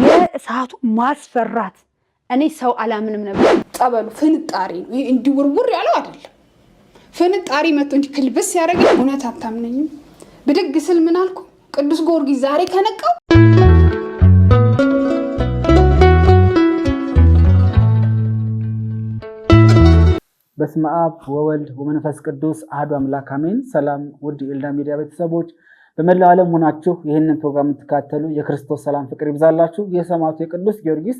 የእሳቱ ማስፈራት እኔ ሰው አላምንም ነበር። ጠበሉ ፍንጣሪ ነው። ይህ እንዲውርውር ያለው አይደለም ፍንጣሪ መቶ እንጂ ክልብስ ያደረገ እውነት አታምነኝም። ብድግ ስል ምን አልኩ? ቅዱስ ጊዮርጊስ ዛሬ ከነቃው በስመ አብ ወወልድ ወመንፈስ ቅዱስ አህዱ አምላክ አሜን። ሰላም ውድ የኤልዳ ሚዲያ ቤተሰቦች በመላው ዓለም ሆናችሁ ይህንን ፕሮግራም የምትካተሉ የክርስቶስ ሰላም ፍቅር ይብዛላችሁ። የሰማዕቱ የቅዱስ ጊዮርጊስ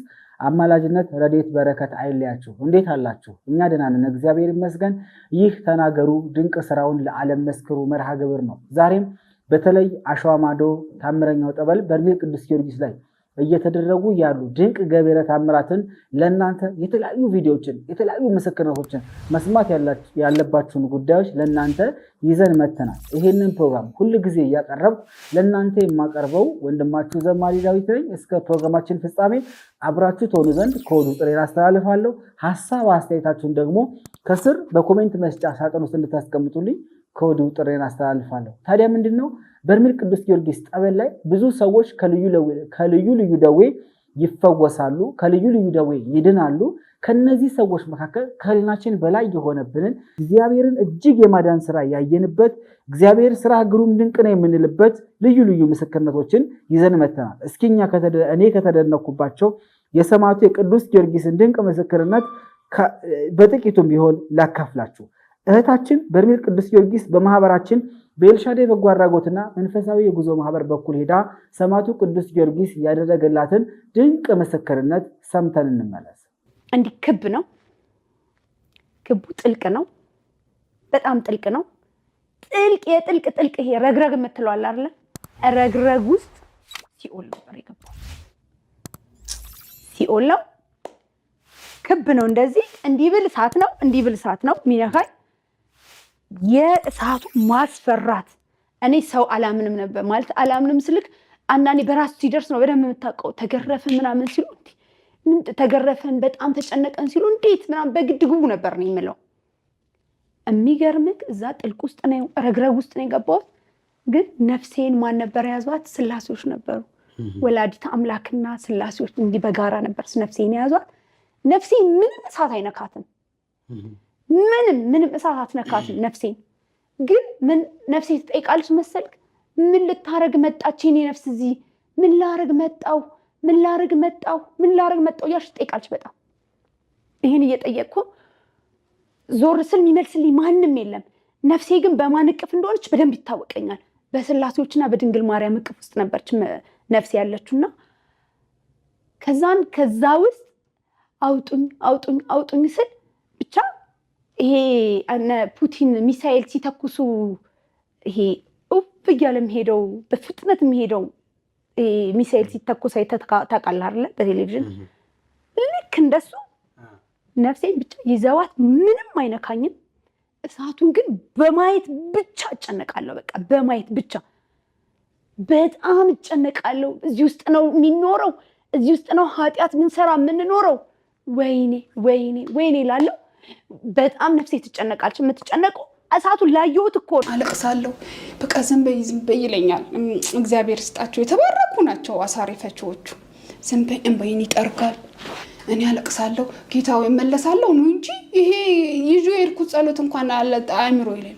አማላጅነት ረዴት በረከት አይለያችሁ። እንዴት አላችሁ? እኛ ደህና ነን፣ እግዚአብሔር ይመስገን። ይህ ተናገሩ ድንቅ ስራውን ለዓለም መስክሩ መርሃ ግብር ነው። ዛሬም በተለይ አሸዋማዶ ታምረኛው ጠበል በርሜል ቅዱስ ጊዮርጊስ ላይ እየተደረጉ ያሉ ድንቅ ገቢረ ታምራትን ለእናንተ የተለያዩ ቪዲዮዎችን የተለያዩ ምስክርነቶችን መስማት ያለባችሁን ጉዳዮች ለእናንተ ይዘን መተናል። ይህንን ፕሮግራም ሁል ጊዜ እያቀረብኩ ለእናንተ የማቀርበው ወንድማችሁ ዘማሪ ዳዊት ነኝ። እስከ ፕሮግራማችን ፍጻሜ አብራችሁ ትሆኑ ዘንድ ከወዱ ጥሬን አስተላልፋለሁ። ሀሳብ አስተያየታችሁን ደግሞ ከስር በኮሜንት መስጫ ሳጥን ውስጥ እንድታስቀምጡልኝ ከወዲሁ ጥሬን አስተላልፋለሁ። ታዲያ ምንድን ነው በርሜል ቅዱስ ጊዮርጊስ ጠበል ላይ ብዙ ሰዎች ከልዩ ልዩ ደዌ ይፈወሳሉ፣ ከልዩ ልዩ ደዌ ይድናሉ። ከነዚህ ሰዎች መካከል ከህሊናችን በላይ የሆነብንን እግዚአብሔርን እጅግ የማዳን ስራ ያየንበት እግዚአብሔር ስራ ግሩም ድንቅ ነው የምንልበት ልዩ ልዩ ምስክርነቶችን ይዘን መተናል። እስኪ እኔ ከተደነኩባቸው የሰማዕቱ የቅዱስ ጊዮርጊስን ድንቅ ምስክርነት በጥቂቱም ቢሆን ላካፍላችሁ። እህታችን በርሜል ቅዱስ ጊዮርጊስ በማህበራችን በኤልሻዴ በጎ አድራጎትና መንፈሳዊ የጉዞ ማህበር በኩል ሄዳ ሰማዕቱ ቅዱስ ጊዮርጊስ ያደረገላትን ድንቅ ምስክርነት ሰምተን እንመለስ። እንዲህ ክብ ነው። ክቡ ጥልቅ ነው። በጣም ጥልቅ ነው። ጥልቅ የጥልቅ ጥልቅ ይሄ ረግረግ የምትለዋል አለ ረግረግ ውስጥ ሲኦል ነበር የገባው። ሲኦል ነው። ክብ ነው። እንደዚህ እንዲህ ብል እሳት ነው። እንዲህ ብል እሳት ነው የሚነካኝ የእሳቱ ማስፈራት እኔ ሰው አላምንም ነበር ማለት አላምንም ስልክ አንዳንዴ በራሱ ሲደርስ ነው በደንብ የምታውቀው። ተገረፈ ምናምን ሲሉ ተገረፈን በጣም ተጨነቀን ሲሉ እንዴት ምናምን በግድ ግቡ ነበር ነው የምለው። የሚገርምህ እዛ ጥልቅ ውስጥ ነው ረግረግ ውስጥ ነው የገባሁት። ግን ነፍሴን ማን ነበር የያዟት? ስላሴዎች ነበሩ። ወላዲት አምላክና ስላሴዎች እንዲህ በጋራ ነበር ነፍሴን የያዟት። ነፍሴ ምንም እሳት አይነካትም። ምንም ምንም እሳት አትነካትም ነፍሴን። ግን ምን ነፍሴ ትጠይቃለች መሰልክ? ምን ልታረግ መጣች የኔ ነፍስ እዚህ? ምን ላረግ መጣው? ምን ላረግ መጣው? ምን ላረግ መጣው እያልሽ ትጠይቃለች። በጣም ይህን እየጠየቅኩ ዞር ስል የሚመልስልኝ ማንም የለም። ነፍሴ ግን በማን እቅፍ እንደሆነች በደንብ ይታወቀኛል። በስላሴዎችና በድንግል ማርያም እቅፍ ውስጥ ነበረች ነፍሴ ያለችውና ከዛን ከዛ ውስጥ አውጡኝ አውጡኝ አውጡኝ ስል ብቻ ይሄ ፑቲን ሚሳኤል ሲተኩሱ ይሄ ውብ እያለ የሚሄደው በፍጥነት የሚሄደው ሚሳኤል ሲተኩስ አይተህ ታውቃለህ በቴሌቪዥን ልክ እንደሱ ነፍሴን ብቻ ይዘዋት ምንም አይነካኝም። እሳቱን ግን በማየት ብቻ እጨነቃለሁ። በቃ በማየት ብቻ በጣም እጨነቃለሁ። እዚህ ውስጥ ነው የሚኖረው፣ እዚህ ውስጥ ነው ኃጢአት ምንሰራ የምንኖረው። ወይኔ ወይኔ ወይኔ ላለው በጣም ነፍሴ ትጨነቃለች። የምትጨነቀው እሳቱን ላየሁት እኮ ነው። አለቅሳለሁ። በቃ ዝም በይ ዝም በይ ይለኛል። እግዚአብሔር ስጣቸው የተባረኩ ናቸው አሳሪ ፈቺዎቹ። ዝም በይ እንባዬን ይጠርጋል። እኔ አለቅሳለሁ። ጌታ ወይ መለሳለሁ ነው እንጂ ይሄ ይዞ የሄድኩት ጸሎት እንኳን አለ አእምሮ ይለኝ።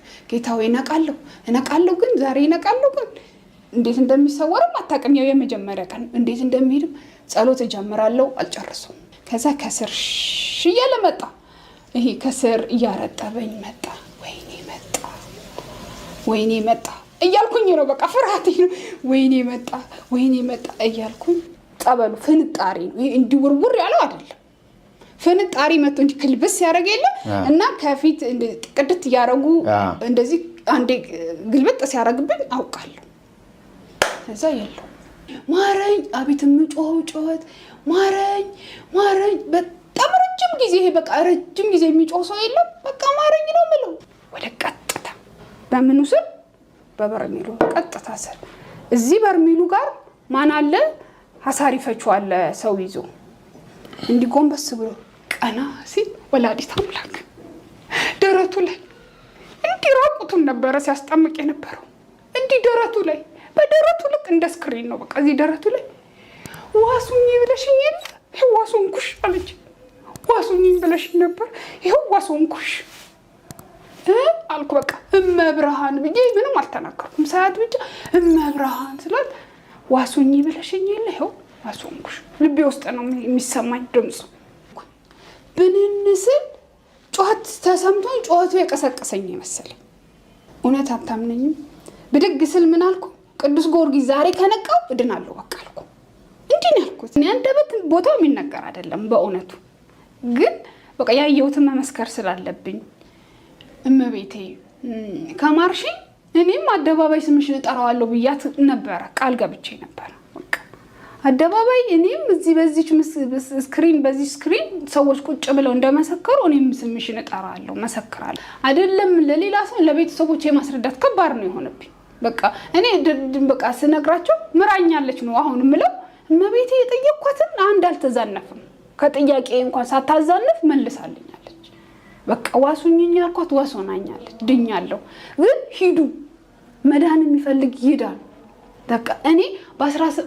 ወይ እነቃለሁ እነቃለሁ፣ ግን ዛሬ እነቃለሁ ግን እንዴት እንደሚሰወርም አታውቅም። ያው የመጀመሪያ ቀን እንዴት እንደሚሄድም ጸሎት እጀምራለሁ አልጨርሱም። ከዛ ከስር እያለ መጣ ይሄ ከስር እያረጠበኝ መጣ። ወይኔ መጣ፣ ወይኔ መጣ እያልኩኝ ነው። በቃ ፍርሃት ነው። ወይኔ መጣ፣ ወይኔ መጣ እያልኩኝ ጠበሉ ፍንጣሪ ነው። እንዲህ ውርውር ያለው አይደለም ፍንጣሪ መቶ እንጂ ክልብስ ያደረገ የለ እና ከፊት ቅድት እያደረጉ እንደዚህ አንዴ ግልብጥ ሲያደርግብኝ አውቃለሁ። እዛ የለው ማረኝ፣ አቤት የምጮኸው ጩኸት ማረኝ፣ ማረኝ ረጅም ጊዜ ይሄ በቃ ረጅም ጊዜ የሚጮህ ሰው የለም። በቃ ማረኝ ነው ምለው ወደ ቀጥታ በምኑ ስር በበርሜሉ ቀጥታ ስር እዚህ በርሜሉ ጋር ማን አለ ሀሳሪ ፈችዋለ ሰው ይዞ እንዲህ ጎንበስ ብሎ ቀና ሲል ወላዲት አምላክ ደረቱ ላይ እንዲህ ራቁቱን ነበረ ሲያስጠምቅ የነበረው እንዲህ ደረቱ ላይ በደረቱ ልክ እንደ ስክሪን ነው። በቃ እዚህ ደረቱ ላይ ዋሱኝ ብለሽኝ የለ ዋሱን ኩሽ አለች። ዋሱኝኝ ብለሽ ነበር፣ ይኸው ዋሶንኩሽ አልኩ። በቃ እመብርሃን ብዬ ምንም አልተናገርኩም። ሳያት ብቻ እመብርሃን ስላት ዋሱኝ ብለሽኝ የለ ይኸው ዋሶንኩሽ። ልቤ ውስጥ ነው የሚሰማኝ ድምፁ። ብንንስል ጩኸት ተሰምቶኝ ጩኸቱ የቀሰቀሰኝ ይመስል እውነት አታምነኝም። ብድግ ስል ምን አልኩ? ቅዱስ ጊዮርጊስ ዛሬ ከነቃው እድናለሁ በቃ አልኩ። እንዲህ ነው ያልኩት። አንደበት ቦታ የሚነገር አይደለም በእውነቱ ግን በቃ ያየሁትን መመስከር ስላለብኝ እመቤቴ ከማርሺ እኔም አደባባይ ስምሽን እጠራዋለሁ ብያት ነበረ፣ ቃል ገብቼ ነበረ። አደባባይ እኔም እዚህ በዚች ስክሪን በዚህ ስክሪን ሰዎች ቁጭ ብለው እንደመሰከሩ እኔም ስምሽን እጠራለሁ መሰክራለሁ። አይደለም ለሌላ ሰው ለቤተሰቦች የማስረዳት ከባድ ነው የሆነብኝ። በቃ እኔ በቃ ስነግራቸው ምራኛለች ነው አሁን ምለው እመቤቴ የጠየኳትን አንድ አልተዛነፍም። ከጥያቄ እንኳን ሳታዛንፍ መልሳልኛለች። በቃ ዋሱኝኛ አልኳት፣ ዋሶናኛለች፣ ድኛለሁ። ግን ሂዱ መዳን የሚፈልግ ይሄዳል። በቃ እኔ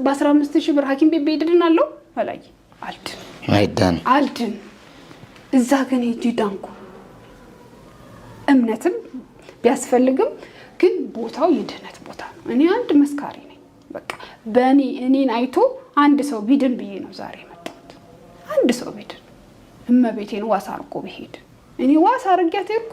በአስራ አምስት ሺህ ብር ሐኪም ቤት ብሄድድን አለው በላይ አልድን አይዳን አልድን። እዛ ግን ሄጂ ዳንኩ። እምነትም ቢያስፈልግም ግን ቦታው የድህነት ቦታ ነው። እኔ አንድ መስካሪ ነኝ። በቃ በእኔ እኔን አይቶ አንድ ሰው ቢድን ብዬ ነው ዛሬ አንድ ሰው ቤት እመቤቴን ዋስ አርጎ ብሄድ እኔ ዋስ አርጊያት ሄድኩ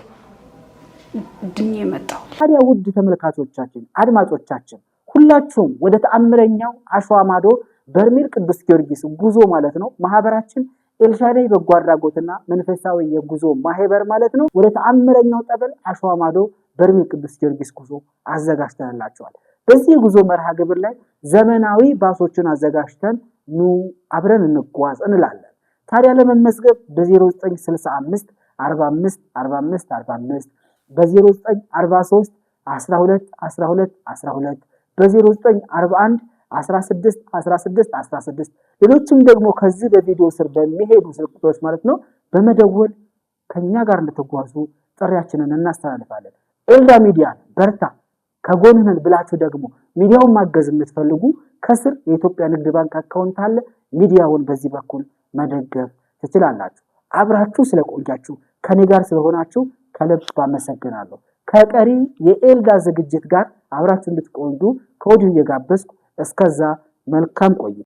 ታዲያ ውድ ተመልካቾቻችን፣ አድማጮቻችን ሁላችሁም ወደ ተአምረኛው አሸዋ ማዶ በርሜል ቅዱስ ጊዮርጊስ ጉዞ ማለት ነው ማህበራችን ኤልሻዳይ በጎ አድራጎትና መንፈሳዊ የጉዞ ማህበር ማለት ነው። ወደ ተአምረኛው ጠበል አሸዋ ማዶ በርሜል ቅዱስ ጊዮርጊስ ጉዞ አዘጋጅተንላቸዋል። በዚህ የጉዞ መርሃ ግብር ላይ ዘመናዊ ባሶችን አዘጋጅተን ኑ አብረን እንጓዝ እንላለን። ታዲያ ለመመዝገብ በ0965 45 45 45 በ0943 12 12 12 በ0941 16 16 16 ሌሎችም ደግሞ ከዚህ በቪዲዮ ስር በሚሄዱ ስልክ ቁጥሮች ማለት ነው በመደወል ከኛ ጋር እንድትጓዙ ጥሪያችንን እናስተላልፋለን። ኤልዳ ሚዲያ በርታ ከጎንህን ብላችሁ ደግሞ ሚዲያውን ማገዝ የምትፈልጉ ከስር የኢትዮጵያ ንግድ ባንክ አካውንት አለ። ሚዲያውን በዚህ በኩል መደገፍ ትችላላችሁ። አብራችሁ ስለቆያችሁ ከኔ ጋር ስለሆናችሁ ከልብ አመሰግናለሁ። ከቀሪ የኤልዳ ዝግጅት ጋር አብራችሁ እንድትቆዩ ከወዲሁ እየጋበዝኩ እስከዛ መልካም ቆይ